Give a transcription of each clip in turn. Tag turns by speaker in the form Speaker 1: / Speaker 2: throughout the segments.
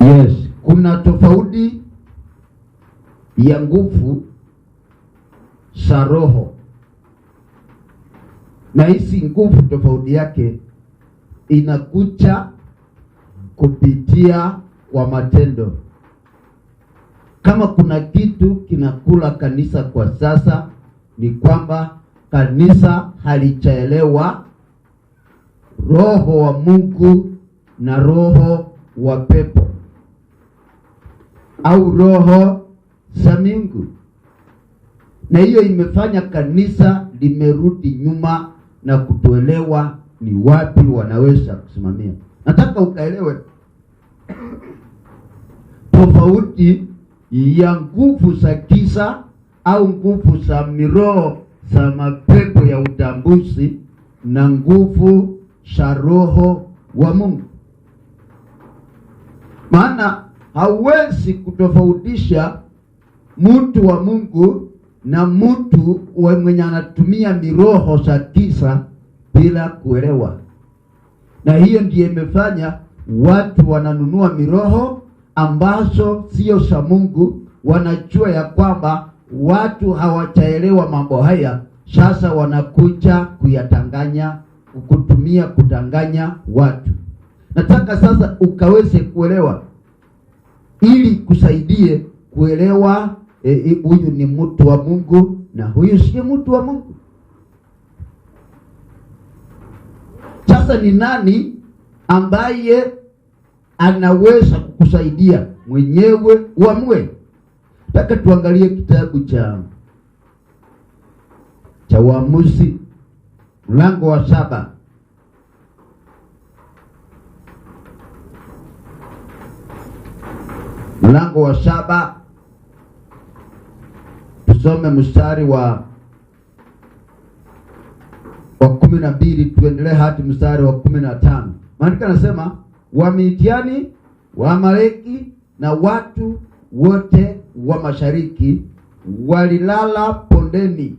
Speaker 1: Yes, kuna tofauti ya nguvu za roho, na hizi nguvu tofauti yake inakuja kupitia kwa matendo. Kama kuna kitu kinakula kanisa kwa sasa, ni kwamba kanisa halijaelewa roho wa Mungu na roho wa pepo au roho za mingu, na hiyo imefanya kanisa limerudi nyuma na kutoelewa ni wapi wanaweza kusimamia. Nataka ukaelewe tofauti ya nguvu za giza au nguvu za miroho za mapepo ya utambuzi na nguvu za roho wa Mungu maana hauwezi kutofautisha mtu wa Mungu na mtu mwenye anatumia miroho za giza bila kuelewa, na hiyo ndiyo imefanya watu wananunua miroho ambazo sio za Mungu. Wanajua ya kwamba watu hawataelewa mambo haya, sasa wanakuja kuyatanganya, kutumia kudanganya watu. Nataka sasa ukaweze kuelewa ili kusaidie kuelewa eh, eh, huyu e, ni mtu wa Mungu na huyu si mtu wa Mungu. Sasa ni nani ambaye anaweza kukusaidia mwenyewe uamue? Nataka tuangalie kitabu cha cha Waamuzi mlango wa saba mlango wa saba tusome mstari wa wa kumi na mbili tuendelee hadi mstari wa kumi na tano. Maandiko anasema Wamidiani, Waamaleki na watu wote wa mashariki walilala pondeni,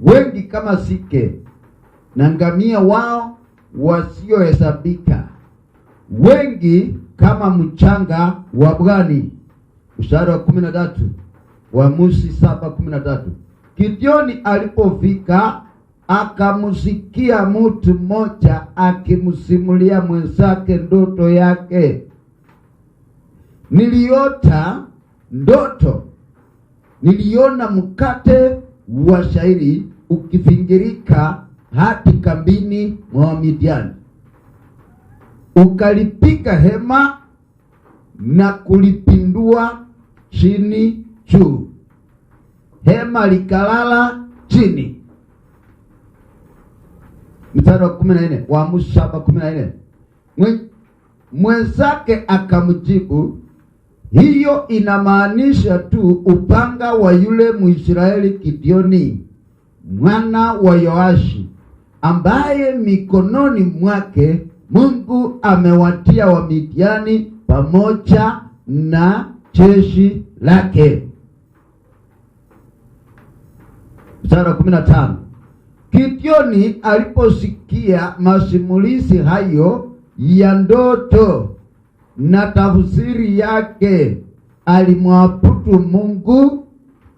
Speaker 1: wengi kama sike, na ngamia wao wasiohesabika wengi kama mchanga wa bwani. Mstari wa kumi na tatu Waamuzi saba kumi na tatu. Gideoni alipofika akamsikia mtu mmoja akimsimulia mwenzake ndoto yake. Niliota ndoto, niliona mkate wa shairi ukivingirika hadi kambini mwa Midiani ukalipika hema na kulipindua chini juu, hema likalala chini. Mstari wa kumi na nne Waamuzi saba kumi na nne mwenzake akamjibu, hiyo inamaanisha tu upanga wa yule Mwisraeli Gideoni mwana wa Yoashi ambaye mikononi mwake Mungu amewatia Wamidiani pamoja na jeshi lake. Mstari wa kumi na tano. Gideoni aliposikia masimulizi hayo ya ndoto na tafsiri yake, alimwabudu Mungu,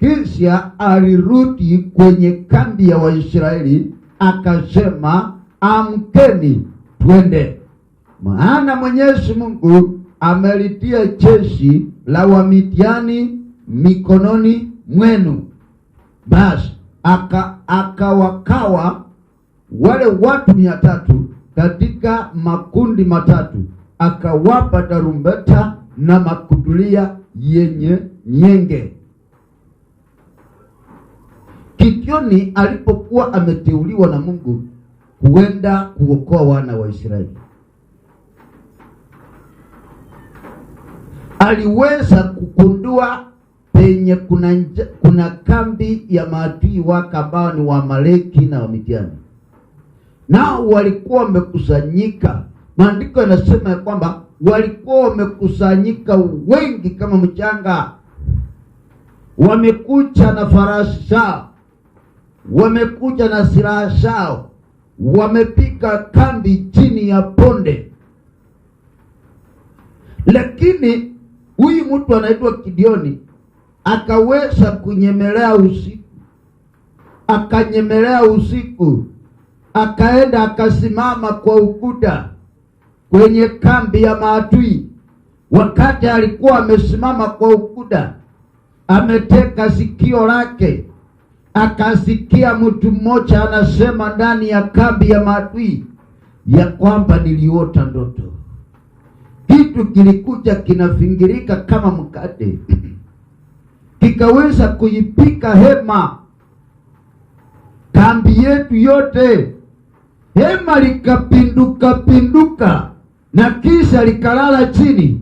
Speaker 1: kisha alirudi kwenye kambi ya Waisraeli akasema, amkeni twende, maana Mwenyezi Mungu amelitia jeshi la Wamidiani mikononi mwenu. Basi aka akawakawa wale watu mia tatu katika makundi matatu, akawapa tarumbeta na makudulia yenye nyenge. Kikioni alipokuwa ameteuliwa na Mungu kuenda kuokoa wana wa Israeli. Aliweza kukundua penye kuna, kuna kambi ya maadui wake ambao ni Waamaleki na Wamidiani, nao walikuwa wamekusanyika. Maandiko yanasema ya kwamba walikuwa wamekusanyika wengi kama mchanga, wamekuja na farasi zao, wamekuja na silaha zao wamepiga kambi chini ya ponde, lakini huyu mtu anaitwa kidioni akaweza kunyemelea usiku, akanyemelea usiku, akaenda akasimama kwa ukuta kwenye kambi ya maadui. Wakati alikuwa amesimama kwa ukuta, ameteka sikio lake akasikia mtu mmoja anasema ndani ya kambi ya maadui ya kwamba niliota ndoto, kitu kilikuja kinafingirika kama mkate kikaweza kuipika hema kambi yetu yote, hema likapinduka pinduka na kisha likalala chini.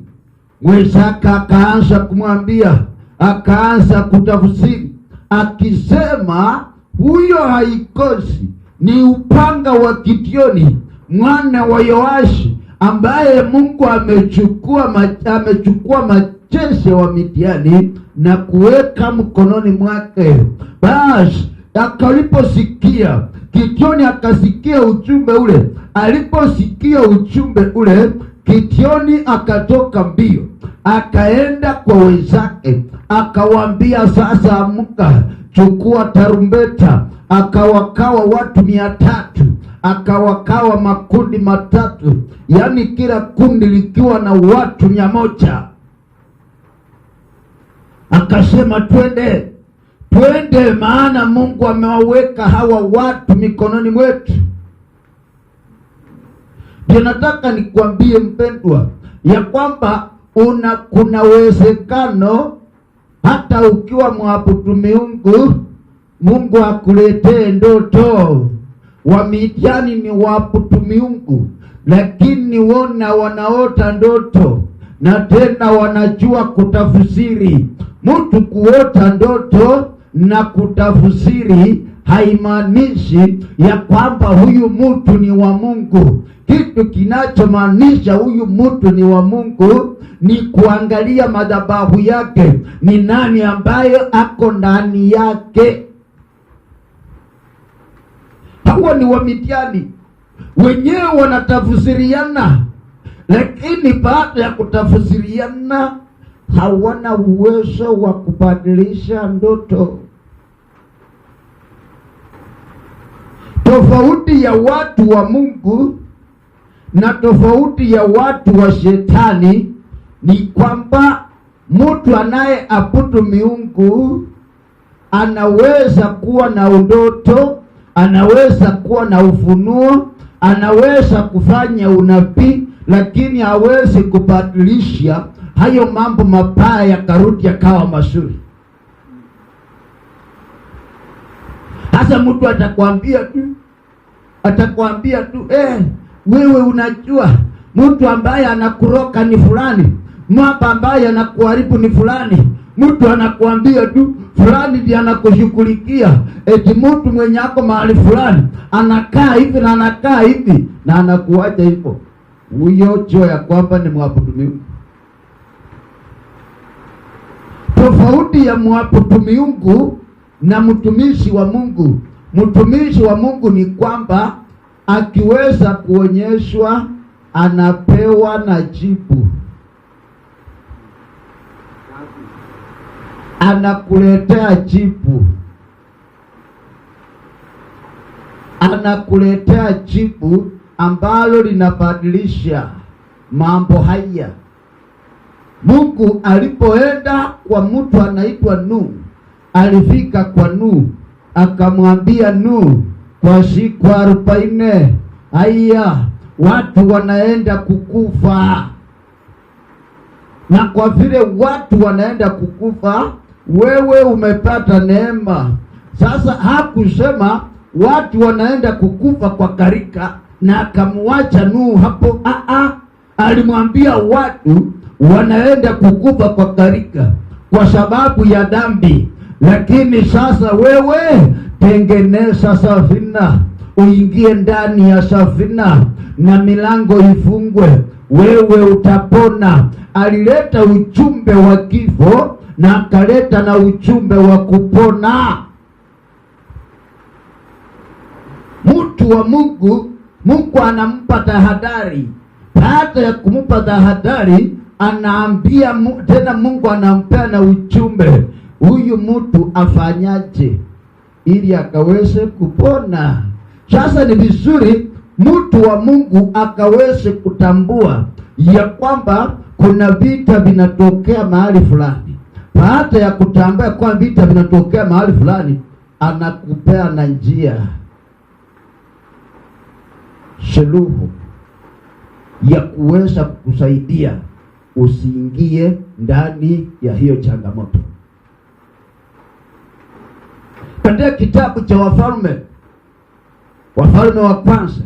Speaker 1: Mwenzake akaanza kumwambia, akaanza kutafsiri akisema huyo haikosi ni upanga wa Gideoni mwana wa Yoashi ambaye Mungu amechukua amechukua majeshi wa Midiani na kuweka mkononi mwake. Basi akaliposikia Gideoni akasikia ujumbe ule. Aliposikia ujumbe ule, Gideoni akatoka mbio akaenda kwa wenzake akawaambia sasa, amka, chukua tarumbeta. Akawakawa watu mia tatu, akawakawa makundi matatu, yaani kila kundi likiwa na watu mia moja. Akasema twende, twende, maana Mungu amewaweka hawa watu mikononi mwetu. Ndio nataka nikwambie mpendwa, ya kwamba una kuna uwezekano hata ukiwa mwabudu miungu, Mungu akuletee ndoto. Wamidiani ni waabudu miungu, lakini wona wanaota ndoto na tena wanajua kutafusiri Mtu kuota ndoto na kutafusiri haimaanishi ya kwamba huyu mtu ni wa Mungu kitu kinachomaanisha huyu mtu ni wa Mungu ni kuangalia madhabahu yake, ni nani ambayo ako ndani yake. Hawa ni Wamidiani wenyewe wanatafsiriana, lakini baada ya kutafsiriana hawana uwezo wa kubadilisha ndoto. Tofauti ya watu wa Mungu na tofauti ya watu wa shetani ni kwamba mtu anayeabudu miungu anaweza kuwa na udoto, anaweza kuwa na ufunuo, anaweza kufanya unabii, lakini hawezi kubadilisha hayo mambo mabaya yakarudi yakawa mazuri. Hasa mtu atakwambia tu, atakwambia tu eh, wewe unajua mtu ambaye anakuroka ni fulani, mwapa ambaye anakuharibu ni fulani. Mtu anakuambia tu fulani ndiye anakushughulikia, eti mtu mwenye ako mahali fulani anakaa hivi na anakaa hivi na anakuacha hivyo. Huyo jua ya kwamba ni mwabudu miungu. Tofauti ya mwabudu miungu na mtumishi wa Mungu, mtumishi wa Mungu ni kwamba akiweza kuonyeshwa anapewa na jibu, anakuletea jibu, anakuletea jibu ambalo linabadilisha mambo haya. Mungu alipoenda kwa mtu anaitwa Nuhu, alifika kwa Nuhu akamwambia Nuhu kwa siku arobaini. aya watu wanaenda kukufa, na kwa vile watu wanaenda kukufa, wewe umepata neema. Sasa hakusema watu wanaenda kukufa kwa karika na akamwacha Nuhu hapo. Aa, alimwambia watu wanaenda kukufa kwa karika kwa sababu ya dhambi, lakini sasa wewe tengeneza safina, uingie ndani ya safina na milango ifungwe, wewe utapona. Alileta ujumbe wa kifo na akaleta na ujumbe wa kupona. Mtu wa Mungu, Mungu anampa tahadhari. Baada ya kumpa tahadhari, anaambia tena, Mungu anampea na ujumbe, huyu mtu afanyaje? ili akaweze kupona. Sasa ni vizuri mtu wa Mungu akaweze kutambua ya kwamba kuna vita vinatokea mahali fulani. Baada ya kutambua kwamba vita vinatokea mahali fulani, anakupea na njia suluhu ya kuweza kukusaidia usiingie ndani ya hiyo changamoto. Twendea kitabu cha Wafalme, Wafalme wa kwanza,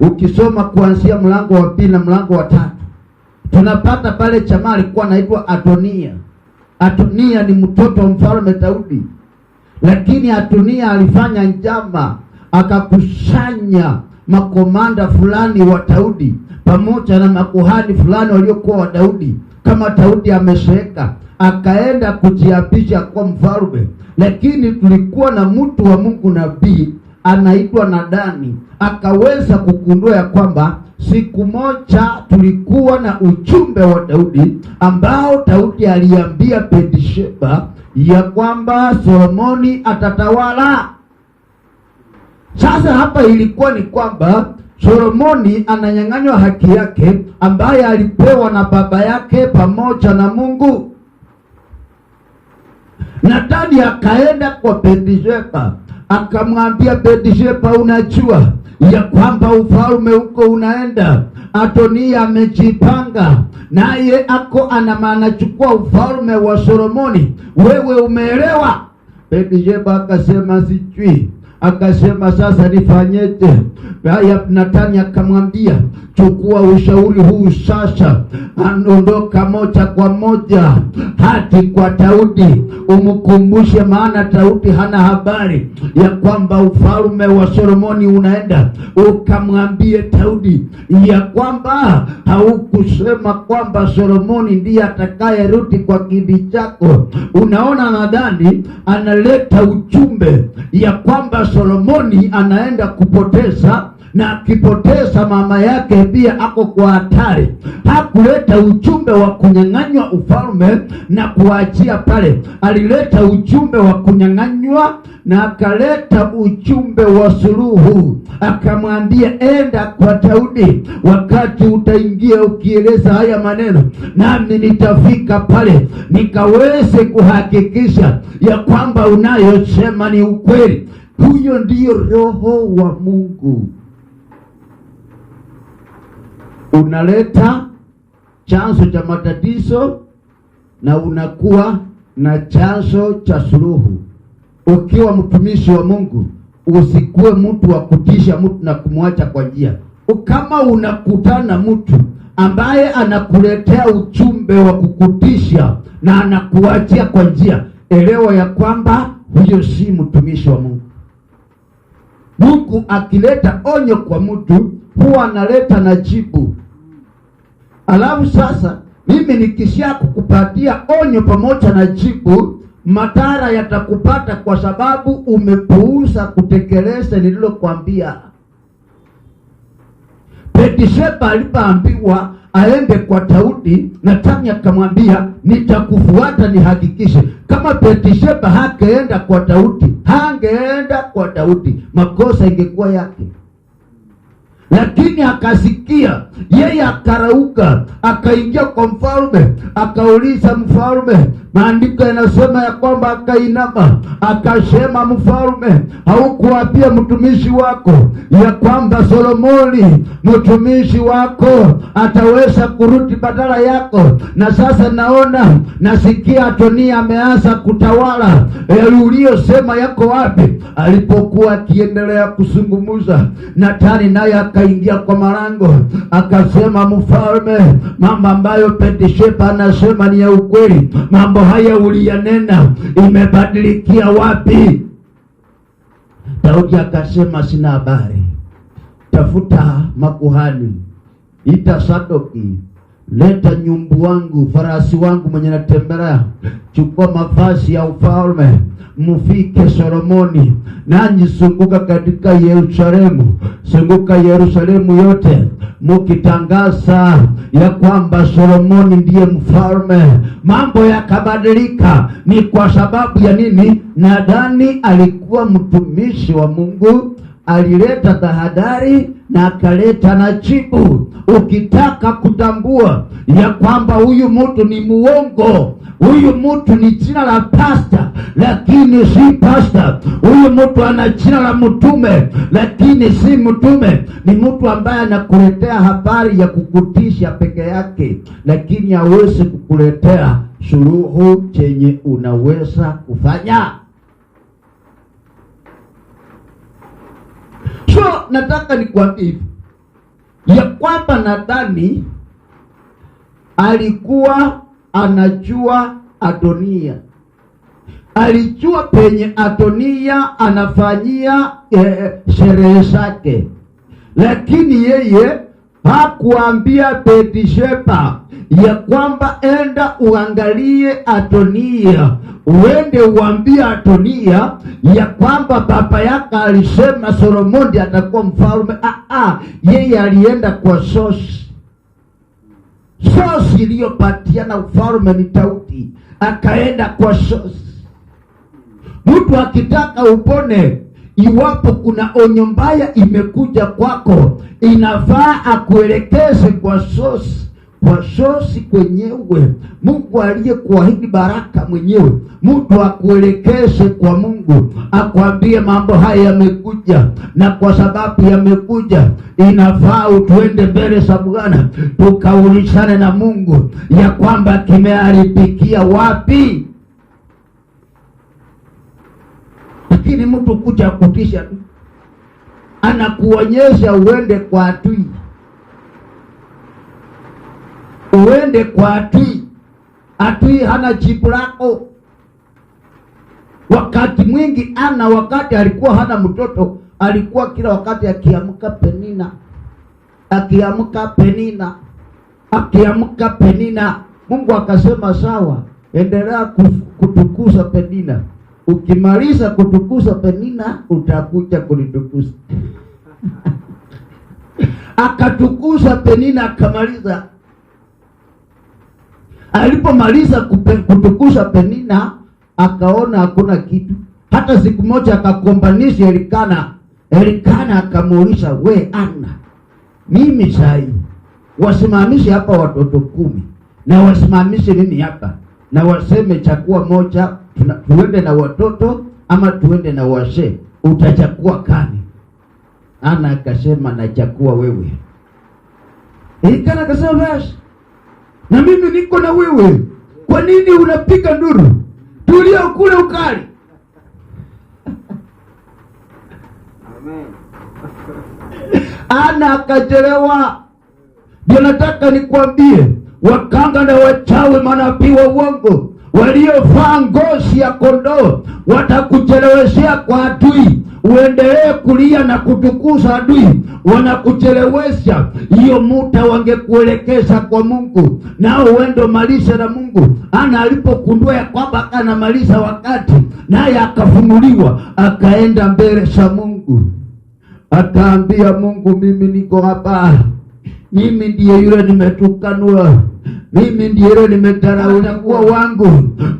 Speaker 1: ukisoma kuanzia mlango wa pili na mlango wa tatu tunapata pale chama alikuwa anaitwa Adonia. Adonia ni mtoto wa mfalme Daudi, lakini Adonia alifanya njama, akakusanya makomanda fulani wa Daudi pamoja na makuhani fulani waliokuwa wa Daudi, kama Daudi amezeeka, akaenda kujiapisha kwa mfalme lakini tulikuwa na mtu wa Mungu nabii anaitwa Nadani akaweza kugundua ya kwamba siku moja tulikuwa na ujumbe wa Daudi ambao Daudi aliambia Bathsheba ya kwamba Solomoni atatawala. Sasa hapa ilikuwa ni kwamba Solomoni ananyang'anywa haki yake ambaye alipewa na baba yake pamoja na Mungu. Natani akaenda kwa Bathsheba akamwambia Bathsheba, unajua ya kwamba ufalme huko unaenda, Atonia amejipanga naye ako ana chukua ufalme wa Solomoni, wewe umeelewa? Bathsheba akasema sijui. Akasema sasa nifanyeje? Haya, Nathani akamwambia chukua ushauri huu sasa, anaondoka moja kwa moja hadi kwa Daudi, umkumbushe, maana Daudi hana habari ya kwamba ufalme wa Solomoni unaenda. Ukamwambie Daudi ya kwamba haukusema kwamba Solomoni ndiye atakayerudi kwa kindi chako. Unaona, nadhani analeta ujumbe ya kwamba Solomoni anaenda kupoteza na akipoteza mama yake pia ako kwa hatari. Hakuleta ujumbe wa kunyang'anywa ufalme na kuachia pale, alileta ujumbe wa kunyang'anywa na akaleta ujumbe wa suluhu, akamwambia enda kwa Daudi, wakati utaingia ukieleza haya maneno, nami nitafika pale nikaweze kuhakikisha ya kwamba unayosema ni ukweli. Huyo ndiyo roho wa Mungu, unaleta chanzo cha matatizo na unakuwa na chanzo cha suluhu. Ukiwa mtumishi wa Mungu, usikuwe mtu wa kutisha mtu na kumwacha kwa njia. Kama unakutana mtu ambaye anakuletea ujumbe wa kukutisha na anakuachia kwa njia, elewa ya kwamba huyo si mtumishi wa Mungu. Mungu akileta onyo kwa mtu huwa analeta na jibu. Alafu sasa mimi nikisha kukupatia onyo pamoja na jibu, madhara yatakupata kwa sababu umepuuza kutekeleza nililokuambia. Betisheba alipoambiwa aende kwa Daudi na Natani akamwambia, nitakufuata nihakikishe. Kama Betisheba hakeenda kwa Daudi, hangeenda kwa Daudi, makosa ingekuwa yake lakini akasikia yeye, akarauka akaingia kwa mfalme, akauliza mfalme, Maandiko yanasema ya kwamba akainama akasema, mfalme, haukuwapia mtumishi wako ya kwamba Solomoni mtumishi wako ataweza kurudi badala yako? Na sasa naona nasikia Atonia ameanza kutawala. Yale eh, uliyosema yako wapi? Alipokuwa akiendelea kusungumuza, Natani naye akaingia kwa malango akasema, mfalme, mambo ambayo Petishepa anasema ni ya ukweli, mambo haya uliyanena imebadilikia wapi? Daudi akasema sina habari, tafuta makuhani, ita Sadoki Leta nyumbu wangu, farasi wangu mwenye natembelea. Chukua mavazi ya ufalme, mufike Solomoni, nanyi zunguka katika Yerusalemu, zunguka Yerusalemu yote, mukitangaza ya kwamba Solomoni ndiye mfalme. Mambo yakabadilika. Ni kwa sababu ya nini? Nadhani alikuwa mtumishi wa Mungu alileta tahadhari na akaleta na jibu. Ukitaka kutambua ya kwamba huyu mtu ni muongo, huyu mtu ni jina la pasta lakini si pasta, huyu mtu ana jina la mtume lakini si mtume, ni mtu ambaye anakuletea habari ya kukutisha peke yake, lakini hawezi kukuletea suluhu chenye unaweza kufanya. So nataka nikuambie hivi ya kwamba nadhani alikuwa anajua Adonia, alijua penye Adonia anafanyia eh, sherehe zake, lakini yeye hakuambia Bathsheba ya kwamba enda uangalie Adonia, uende uambie Adonia ya kwamba baba yake alisema Solomoni atakuwa mfalme. Ah, ah, yeye alienda kwa sosi sosi iliyopatiana ufalme ni tauti, akaenda kwa sosi. Mtu akitaka upone Iwapo kuna onyo mbaya imekuja kwako, inafaa akuelekeze kwa sosi kwa sosi kwenyewe, Mungu aliyekuahidi baraka mwenyewe. Mtu akuelekeze kwa Mungu, akwambie mambo haya yamekuja, na kwa sababu yamekuja, inafaa utuende mbele za Bwana tukaulishane na Mungu ya kwamba kimeharibikia wapi. Lakini mtu kucha kutisha tu, anakuonyesha uende kwa adui, uende kwa adui. Adui hana jibu lako wakati mwingi. Ana wakati alikuwa hana mtoto, alikuwa kila wakati akiamka Penina, akiamka Penina, akiamka Penina. Mungu akasema sawa, endelea kutukuza Penina. Ukimaliza kutukuza Penina utakuja kulitukuza. Akatukuza Penina akamaliza. Alipomaliza kutukuza Penina akaona hakuna kitu, hata siku moja akakombanisha Elikana. Elikana akamuuliza, we Ana, mimi sai wasimamishe hapa watoto kumi na wasimamishe nini hapa na waseme chakua moja tuende na watoto ama tuende na washe, utachakua kani? Ana akasema nachakua wewe. ikana akasema basi na mimi niko na wewe, kwa nini unapiga nduru? Tulia ukule ukali. Ana akachelewa. Ndio nataka nikwambie, wakanga na wachawi manabii wa uongo waliovaa ngozi ya kondoo watakucheleweshea kwa adui. Uendelee kulia na kutukuza adui, wanakuchelewesha. Hiyo muda wangekuelekeza kwa Mungu, nao uendo malisha na Mungu. Ana alipokundua ya kwamba anamaliza wakati, naye akafunuliwa, akaenda mbele za Mungu, akaambia Mungu, mimi niko hapa, mimi ndiye yule nimetukanwa mimi ndiye nimedharauliwa kuwa wangu,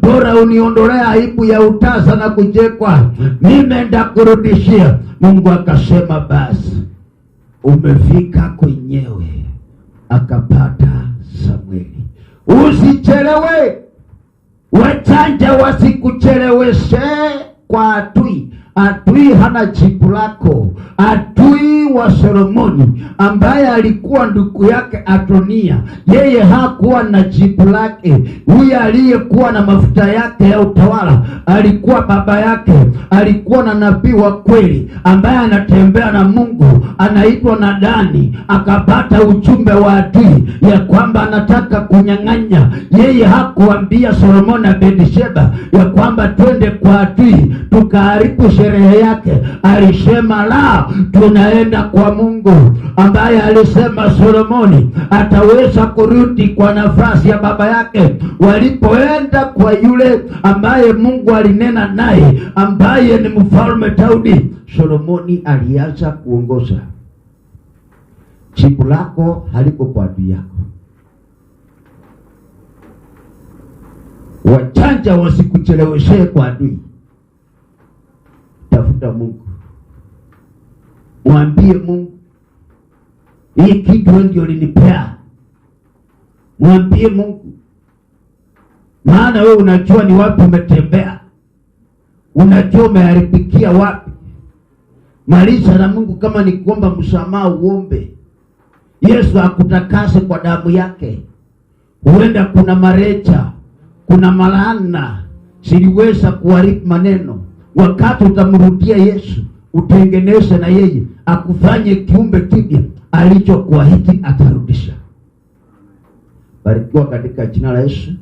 Speaker 1: bora uniondolea aibu ya utasa na kujekwa, mimi ndakurudishia. Mungu akasema basi umefika kwenyewe, akapata Samweli. Usichelewe, wachanja wasikucheleweshe kwa adui Adui hana jibu lako. Adui wa Solomoni ambaye alikuwa ndugu yake Adonia, yeye hakuwa na jibu lake. Huyo aliyekuwa na mafuta yake ya utawala alikuwa baba yake, alikuwa na nabii wa kweli ambaye anatembea na Mungu, anaitwa Nadani. Akapata ujumbe wa adui ya kwamba anataka kunyang'anya. Yeye hakuambia Solomoni na Bathsheba ya kwamba twende kwa adui tukaharibu sherehe yake alisema la, tunaenda kwa Mungu ambaye alisema Solomoni ataweza kurudi kwa nafasi ya baba yake, walipoenda kwa yule ambaye Mungu alinena naye, ambaye ni mfalme Daudi. Solomoni aliacha kuongoza. Jibu lako haliko kwa adui yako. Wachanja wasikucheleweshe kwa adui tafuta Mungu, mwambie Mungu, hii kitu ndio ulinipea. Mwambie Mungu, maana wewe unajua ni wapi umetembea, unajua umeharibikia wapi. Maliza na Mungu, kama ni kuomba msamaha uombe Yesu akutakase kwa damu yake. Huenda kuna marecha, kuna malana siliweza kuharibu maneno Wakati utamrudia Yesu, utengeneze na yeye akufanye kiumbe kipya, alichokuahidi atarudisha. Barikiwa katika jina la Yesu.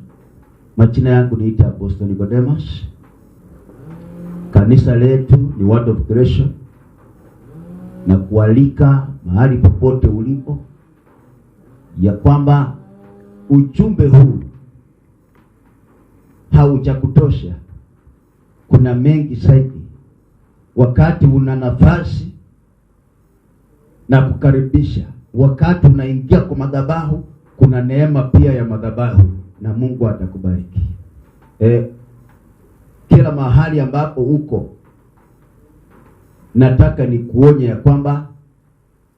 Speaker 1: Majina yangu niita Apostle Nicodemus. Kanisa letu ni Word of Creation na kualika mahali popote ulipo, ya kwamba ujumbe huu haujakutosha kuna mengi zaidi wakati una nafasi na kukaribisha. Wakati unaingia kwa madhabahu, kuna neema pia ya madhabahu, na Mungu atakubariki e, kila mahali ambapo uko. Nataka nikuonye ya kwamba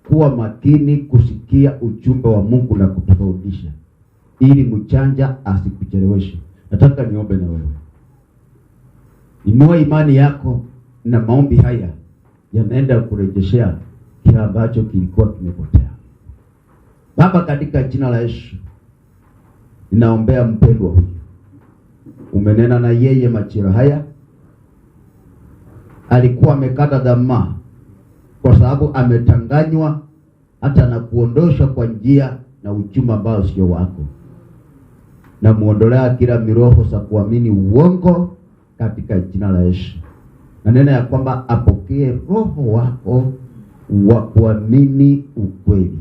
Speaker 1: kuwa makini kusikia ujumbe wa Mungu na kutofautisha, ili mchanja asikucheleweshe. Nataka niombe na wewe. Inua imani yako na maombi haya yanaenda kurejeshea kile ambacho kilikuwa kimepotea. Baba, katika jina la Yesu ninaombea mpendwa huyu, umenena na yeye majira haya. Alikuwa amekata dhamaa kwa sababu ametanganywa hata na kuondoshwa kwa njia na uchuma ambao sio wako, na muondolea kila miroho za kuamini uongo katika jina la Yesu. Nanena ya kwamba apokee roho wako wa kuamini ukweli,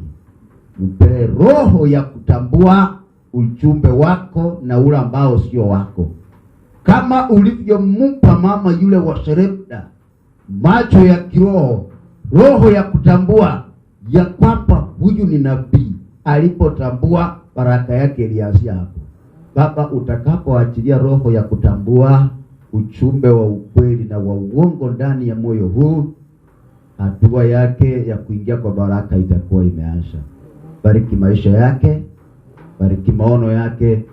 Speaker 1: mpee roho ya kutambua ujumbe wako na ule ambao sio wako, kama ulivyompa mama yule wa Serepta macho ya kiroho, roho ya kutambua ya kwamba huyu ni nabii. Alipotambua baraka yake ilianzia hapo. Baba, utakapoachilia roho ya kutambua uchumbe wa ukweli na wa uongo ndani ya moyo huu, hatua yake ya kuingia kwa baraka itakuwa imeanza. Bariki maisha yake, bariki maono yake,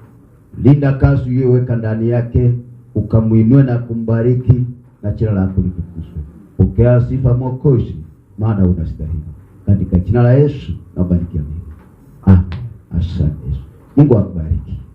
Speaker 1: linda kazi uliyoweka ndani yake, ukamwinue na kumbariki na jina lako litukuzwe. Pokea sifa Mwokozi, maana unastahili. Katika jina la Yesu nabariki. Amina. Ah, asante Yesu. Mungu akubariki.